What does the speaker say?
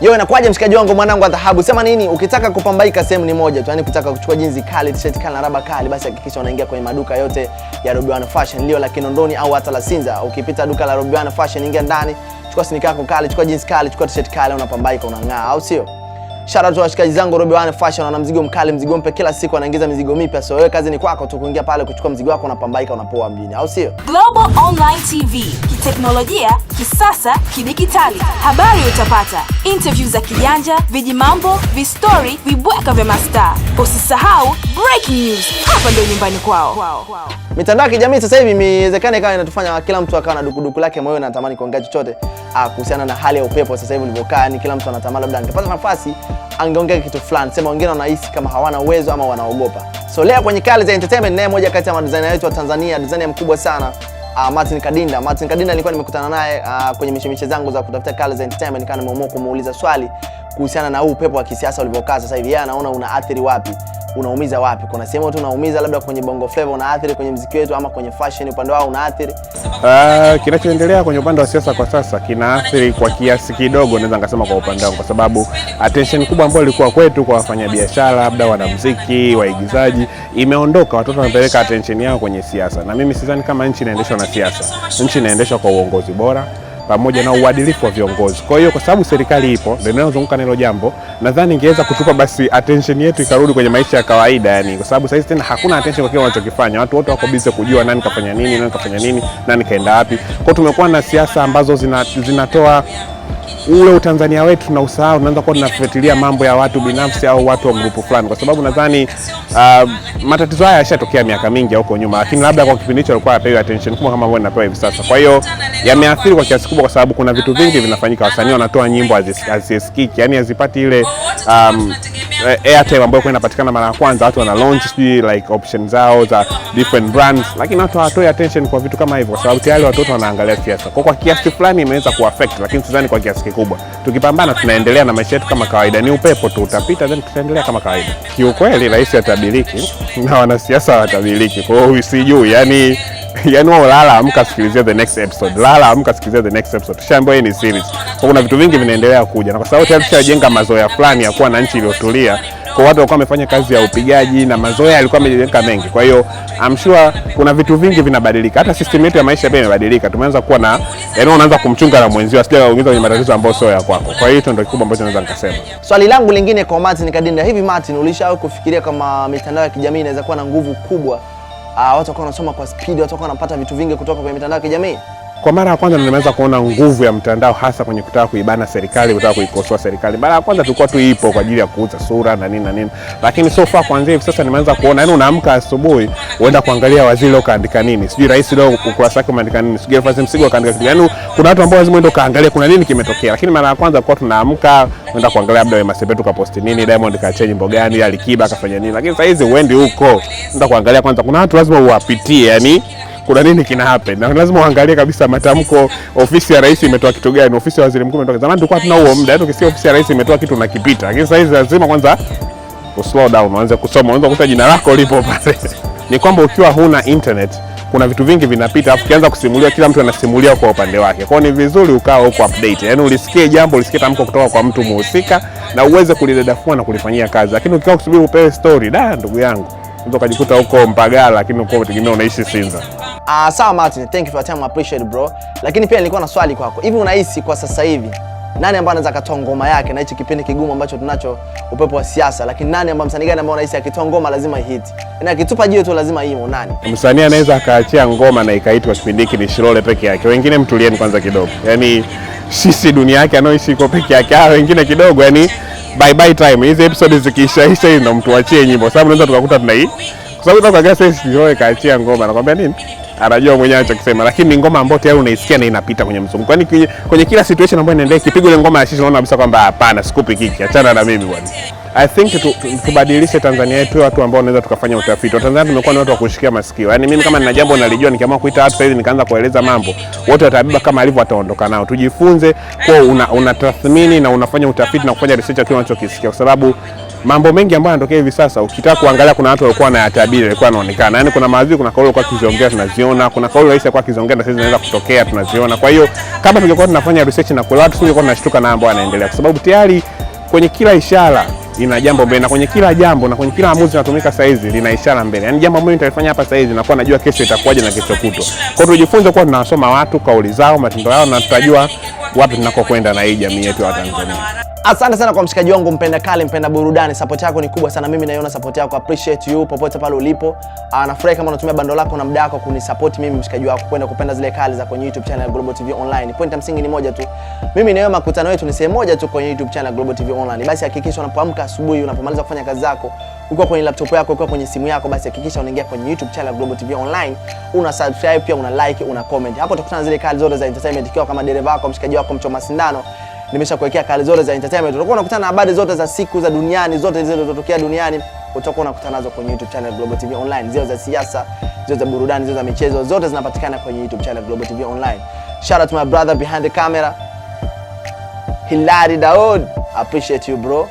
Yo, inakuwaje mshikaji wangu, mwanangu wa dhahabu, sema nini? Ukitaka kupambaika sehemu ni moja tu, yani ukitaka kuchukua jinzi kali, t-shirt kali na raba kali, basi hakikisha unaingia kwenye maduka yote ya Robiano Fashion lio la Kinondoni au hata la Sinza. Ukipita duka la Robiano Fashion, ingia ndani, chukua sinika yako kali, chukua jinzi kali, chukua t-shirt kali, unapambaika, unang'aa, au sio? Shout out washikaji zangu Robi One Fashion, ana mzigo mkali, mzigo mpya kila siku, anaingiza mizigo mipya. So wewe kazi ni kwako tu kuingia pale kuchukua mzigo wako, unapambaika, unapoa mjini, au sio? Global Online TV, kiteknolojia, kisasa, kidijitali. Habari utapata, interview za kijanja, vijimambo, vistori, vibweka vya mastaa. Usisahau breaking news, hapa ndio nyumbani kwao. Wow, wow. Mitandao ya kijamii sasa hivi imewezekana ikawa inatufanya kila mtu akawa na dukuduku lake moyoni, anatamani kuongea chochote ah, kuhusiana na hali ya upepo sasa hivi ulivyokaa. Ni kila mtu anatamani labda angepata nafasi angeongea kitu fulani, sema wengine wanahisi kama hawana uwezo ama wanaogopa. So leo kwenye Kale za Entertainment naye moja kati ya madizaina wetu wa Tanzania, dizaina mkubwa sana Uh, Martin Kadinda. Martin Kadinda nilikuwa nimekutana naye uh, kwenye mishemishe zangu za kutafuta Kale za Entertainment, nikawa nimeamua kumuuliza swali kuhusiana na huu upepo wa kisiasa ulivyokaa sasa hivi, yeye anaona una athiri wapi unaumiza wapi? Kuna sehemu tu unaumiza, labda kwenye bongo flava unaathiri kwenye mziki wetu, ama kwenye fashion upande wao unaathiri? Uh, kinachoendelea kwenye upande wa siasa kwa sasa kinaathiri kwa kiasi kidogo, naweza ngasema kwa upande wangu, kwa sababu attention kubwa ambayo ilikuwa kwetu kwa wafanyabiashara, labda wanamuziki, waigizaji, imeondoka. Watoto wanapeleka attention yao kwenye siasa, na mimi sidhani kama nchi inaendeshwa na siasa. Nchi inaendeshwa kwa uongozi bora pamoja na uadilifu wa viongozi. Kwa hiyo kwa sababu serikali ipo ndio inayozunguka na hilo jambo, nadhani ingeweza kutupa basi attention yetu ikarudi kwenye maisha ya kawaida yani, kwa sababu sahizi tena hakuna attention kwa kile wanachokifanya. Watu wote wako busy kujua nani kafanya nini, nani kafanya nini, nani kaenda wapi. Kwa hiyo tumekuwa na siasa ambazo zina, zinatoa ule utanzania wetu tunausahau, tunaanza kuwa tunafuatilia mambo ya watu binafsi au watu wa grupu fulani, kwa sababu nadhani uh, matatizo haya yashatokea miaka mingi huko nyuma, lakini labda kwa kipindi hicho alikuwa apewi attention kubwa kama ambavyo inapewa hivi sasa. Kwa hiyo yameathiri kwa kiasi kubwa, kwa sababu kuna vitu vingi vinafanyika, wasanii wanatoa nyimbo hazisikiki, yani hazipati ile um, Eh, airtime ambayo kwa inapatikana mara ya kwanza, watu wana launch sijui like options zao za different brands, lakini watu hawatoi attention kwa vitu kama hivyo, kwa sababu tayari watoto wanaangalia siasa. Kwa kwa kiasi fulani imeweza kuaffect, lakini sidhani kwa kiasi kikubwa. Tukipambana tunaendelea na maisha yetu kama kawaida, ni upepo tu utapita, then tutaendelea kama kawaida. Kiukweli rais atabiliki na wanasiasa watabiliki, kwa hiyo sijui yani yani wao lala amka, sikilizia the next episode, lala amka, sikilizia the next episode. Shambo, hii ni series, kwa kuna vitu vingi vinaendelea kuja, na kwa sababu tayari tushajenga mazoea fulani ya kuwa na nchi iliyotulia kwa watu walikuwa wamefanya kazi ya upigaji na mazoea yalikuwa yamejenga mengi. Kwa hiyo I'm sure kuna vitu vingi vinabadilika, hata system yetu ya maisha pia imebadilika. Tumeanza kuwa na yani, unaanza kumchunga na mwenzio asije kuingiza kwenye matatizo ambayo sio ya kwako. Kwa hiyo hicho ndio kikubwa ambacho naweza nikasema. Swali so, langu lingine kwa Martin Kadinda, hivi Martin, ulishawahi kufikiria kama mitandao ya kijamii inaweza kuwa na nguvu kubwa Ah, watu wakawa wanasoma kwa spidi, watu wakawa wanapata vitu vingi kutoka kwenye mitandao ya kijamii. Kwa mara ya kwanza nimeanza kuona nguvu ya mtandao, hasa kwenye kutaka kuibana serikali, kutaka kuikosoa serikali. Mara ya kwanza tulikuwa tu ipo kwa ajili ya kuuza sura na nini na nini, lakini so far, kuanzia hivi sasa nimeanza kuona, yani unaamka asubuhi uenda kuangalia waziri leo kaandika nini, sijui rais leo ukurasa wake umeandika nini, sijui Elfasi Msigwa kaandika kitu, yaani kuna watu ambao lazima uende kaangalia kuna nini kimetokea. Lakini mara ya kwanza kwa tunaamka unaenda kuangalia labda Wema Sepetu kaposti nini, Diamond kacheza mbo gani, Alikiba kafanya nini, lakini sasa hizi uendi huko unaenda kuangalia kwanza, kuna watu lazima uwapitie yani kuna nini kina happen, na lazima uangalie kabisa matamko. Ofisi ya rais imetoa kitu gani? Ofisi ya waziri mkuu imetoa. Zamani tulikuwa tuna huo muda, ukisikia ofisi ya rais imetoa kitu nakipita, lakini sasa hizi lazima kwanza slow down, uanze kusoma. Unaweza kukuta jina lako lipo pale. Ni kwamba ukiwa huna internet kuna vitu vingi vinapita, afu kianza kusimulia, kila mtu anasimulia kwa upande wake. Kwao ni vizuri ukawa huko update, yani ulisikie jambo, ulisikie tamko kutoka kwa mtu muhusika na uweze kulidadafua na kulifanyia kazi, lakini ukikaa kusubiri upewe story, da ndugu yangu, unaweza ukajikuta huko Mbagala, lakini uko tegemea unaishi Sinza. Uh, sawa Martin, thank you for your time, appreciate bro. Lakini pia nilikuwa na swali kwako. Hivi unahisi kwa sasa hivi nani ambaye anaweza akatoa ngoma yake na hichi kipindi kigumu ambacho tunacho upepo wa siasa, lakini nani ambaye msanii gani ambaye unahisi akitoa ngoma lazima hit? Na yaani akitupa jiwe tu lazima hiyo nani? Msanii anaweza akaachia ngoma na ikaitwa kipindi hiki ni Shilole peke yake. Wengine mtulieni kwanza kidogo. Yaani sisi dunia yake anaoishi iko peke yake. Hao ah, wengine kidogo yani bye bye time. Hizi episode hizi na mtu achie nyimbo. Sababu unaweza tukakuta tunai. Kwa sababu tunakuangalia sasa Shilole kaachia ngoma. Nakwambia nini? anajua mwenyewe anachokisema, lakini ni ngoma ambayo tayari unaisikia na inapita kwenye mzunguko, yaani kwenye kila situation ambayo inaendelea, ikipigwa ile ngoma ya Shisha unaona kabisa kwamba hapana, sikupi kiki, achana na mimi bwana. I think tu, tu, tubadilishe Tanzania yetu watu ambao wanaweza tukafanya utafiti. Watanzania tumekuwa ni watu wa kushikia masikio. Yaani mimi kama nina jambo nalijua nikiamua kuita watu hivi nikaanza kueleza mambo, wote watabeba kama alivyo wataondoka nao. Tujifunze kwa una, una tathmini na unafanya utafiti na kufanya research kile unachokisikia kwa sababu mambo mengi ambayo yanatokea hivi sasa ukitaka kuangalia, kuna watu walikuwa wanayatabiri, walikuwa wanaonekana. Yaani kuna maadui, kuna kauli kwa kiziongea tunaziona, kuna kauli rais kwa kiziongea na sisi zinaweza kutokea tunaziona. Kwa hiyo kama tungekuwa tunafanya research na kula watu, tungekuwa tunashtuka na mambo yanaendelea, kwa sababu tayari kwenye kila ishara ina jambo mbele, na kwenye kila jambo na kwenye kila amuzi natumika saa hizi lina ishara mbele, yani jambo ambalo nitafanya hapa saa hizi nakuwa najua kesho itakuwaje na kesho kutwa. Kwa hiyo tujifunze kuwa tunawasoma watu kauli zao, matendo yao, na tutajua wapi tunakokwenda na hii jamii yetu ya Tanzania. Asante sana kwa mshikaji wangu mpenda kale, mpenda burudani, support yako ni kubwa sana, mimi naiona support yako, appreciate you popote pale ulipo. Ah, nafurahi kama unatumia bando lako na muda wako kunisupport mimi mshikaji wako kwenda kupenda zile kali za kwenye YouTube channel Global TV Online. Point msingi ni moja tu, mimi na wewe makutano yetu ni sehemu moja tu kwenye YouTube channel Global TV Online. Basi hakikisha unapoamka asubuhi, unapomaliza kufanya kazi zako ukiwa kwenye laptop yako, ukiwa kwenye simu yako, basi hakikisha unaingia kwenye YouTube channel Global TV Online, una subscribe pia una like, una comment. Hapo utakutana zile kali zote za entertainment, ikiwa kama dereva wako, mshikaji wako, mchoma sindano nimesha kuwekea kale zote za entertainment. Utakuwa unakutana na habari zote za siku za duniani, zote zile zilizotokea duniani utakuwa unakutana nazo kwenye YouTube channel Global TV Online, zile za siasa, zile za burudani, zile za michezo, zote zinapatikana kwenye YouTube channel Global TV Online. Shout out to my brother behind the camera Hilari Daud, appreciate you bro.